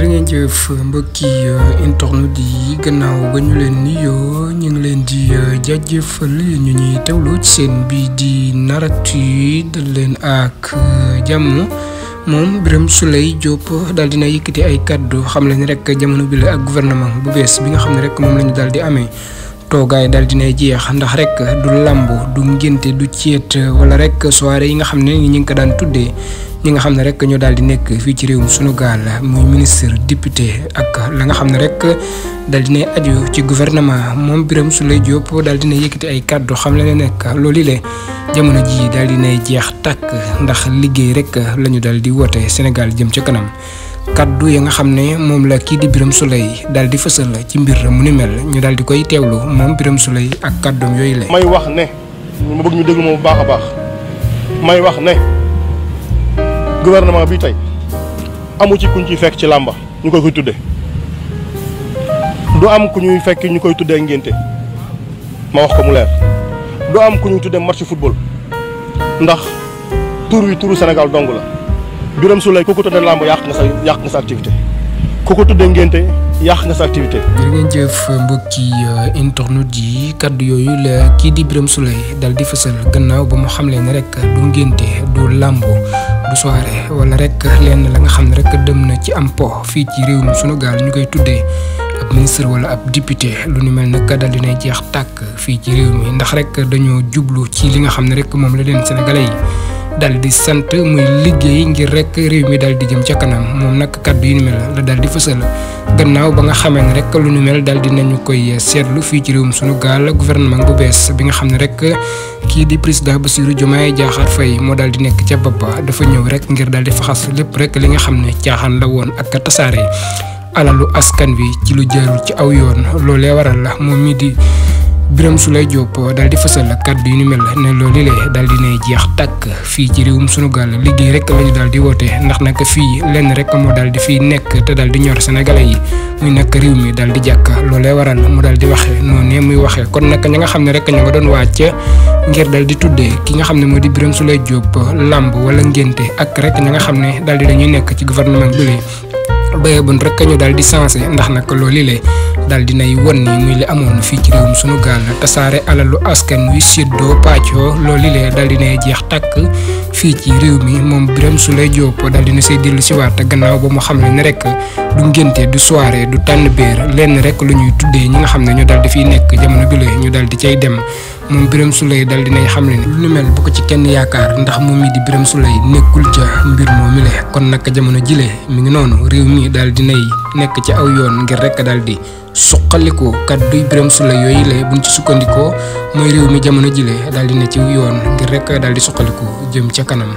jërë ngeen jëf mbokki internet yi gannaaw ba ñu leen nuyoo ñu ngi leen di euh, jaajëfal ñu ñuy teewlu ci seen bii di naratu dal leen ak euh, jàmm moom Birame Souleye Diop daal dina yëkkati ay kàddu xam leen rek jamono bi la ak gouvernement bu bees bi nga xam ne rek moom lañu ñu daal di amee. toogaay daal dinay jeex ndax rek du làmb du ngénte du ceet wala rek soirée yi nga xam ne ñu ngi ko daan tuddee ñi nga xam ne rek ñoo daal di nekk fii ci réewum sunu gaal muy ministre député ak la nga xam ne rek daal dinay aju ci gouvernement moom Birame Souleye Diop daal dina yëkkati ay kàddu xam la ne nekk loolu le jamono jii daal dinay jeex tàkk ndax liggéey rek la ñu daal di woote Sénégal jëm ca kanam kaddu ya nga xamne mom la ki di biram sulay dal di fësal ci mbir mu ni mel ñu dal di koy tewlu mom birum sulay ak kaddu yoy le may wax ne ma bëgg ñu dégg mom bu baax baax may wax ne gouvernement bi tay amu ci kuñ ci fekk ci lamba ñu koy koy tudde du am kuñuy fekk ñu koy tuddé ngenté ma wax ko mu leer du am kuñuy tuddé match football ndax tour wi touru sénégal dong la Birame Souleye ku ko tuddee làmb yàq nga yàq nga sa activité ku ngénte yàq nga sa activité. jërë ngeen jëf mbokki euh, internet kaddu yooyu la kii di Birame Souleye dal di fësal gannaaw ba mu xamle ne rek du ngénte du làmb bu soirée wala rek lenn la nga xam ne rek dem na ci am po fii ci réew mi sunu gaal ñu koy tuddee. ab ministre wala ab député lu ni mel nag daal dinay jeex tàkk fii ci réew mi ndax rek dañoo jublu ci li nga xam ne rek moom la leen sénégalais yi. dal di sante muy liggéey ngir rek réew mi dal di jëm ca kanam moom nag kaddu yu mel la dal di fësal gannaaw ba nga xamee ne rek lu ni mel dal di nañu koy seetlu fii ci réewum sunu gaal gouvernement gu bees bi nga xam ne rek kii di président Bassirou jumaay Diakhar fay moo dal di nekk ca bopp dafa ñëw rek ngir dal di faxas lépp rek li nga xam ne caaxaan la woon ak tasaare alalu askan wi ci lu jaarul ci aw yoon loolee waral la moom mii di biram lay jop dal di fessel kaddu yu ni mel ne lolou le dal di ne jeex tak fi ci rewum sunu gal liggey rek lañu dal di wote ndax nak fi len rek mo dal di fi nek te dal di ñor sénégalais yi muy nak rew mi dal di jakk lolé waral mu dal di waxe noné muy waxe kon nak ñinga xamné rek ñinga doon wacc ngir dal di tuddé ki nga xamné modi biram lay jop lamb wala ngenté ak rek ñinga xamné dal di dañuy nek ci gouvernement bi lé bon rek ñu dal di sensé ndax nak loli le dal dinay won ni muy li amoon fii ci réewum sunu gaal tasaare alalu askan wi séddoo pàccoo loolu lee dal dinay jeex tàkk fii ci réew mi moom Birame Souleye Diop dal dina say dellu si te gannaaw ba mu xam ne rek du ngénte du soirée du tànn béer lenn rek lu ñuy tuddee ñi nga xam ne ñoo dal di fiy nekk jamono bi la ñu dal di cay dem moom sula yi dal dinay xamle ne lu nu mel bu ko ci kenn yaakaar ndax moom mi di Birame Souleye nekkul ca mbir moo mi le kon naka jamono jile mu ngi noonu réew mi daal dinay nekk ci aw yoon ngir rek daal di suqaliko kàddu sula Souleye yooyu le buñ ci sukkandikoo mooy réew mi jamono jile daal di ne ci yoon ngir rek daal di suqaliko jëm ca kanam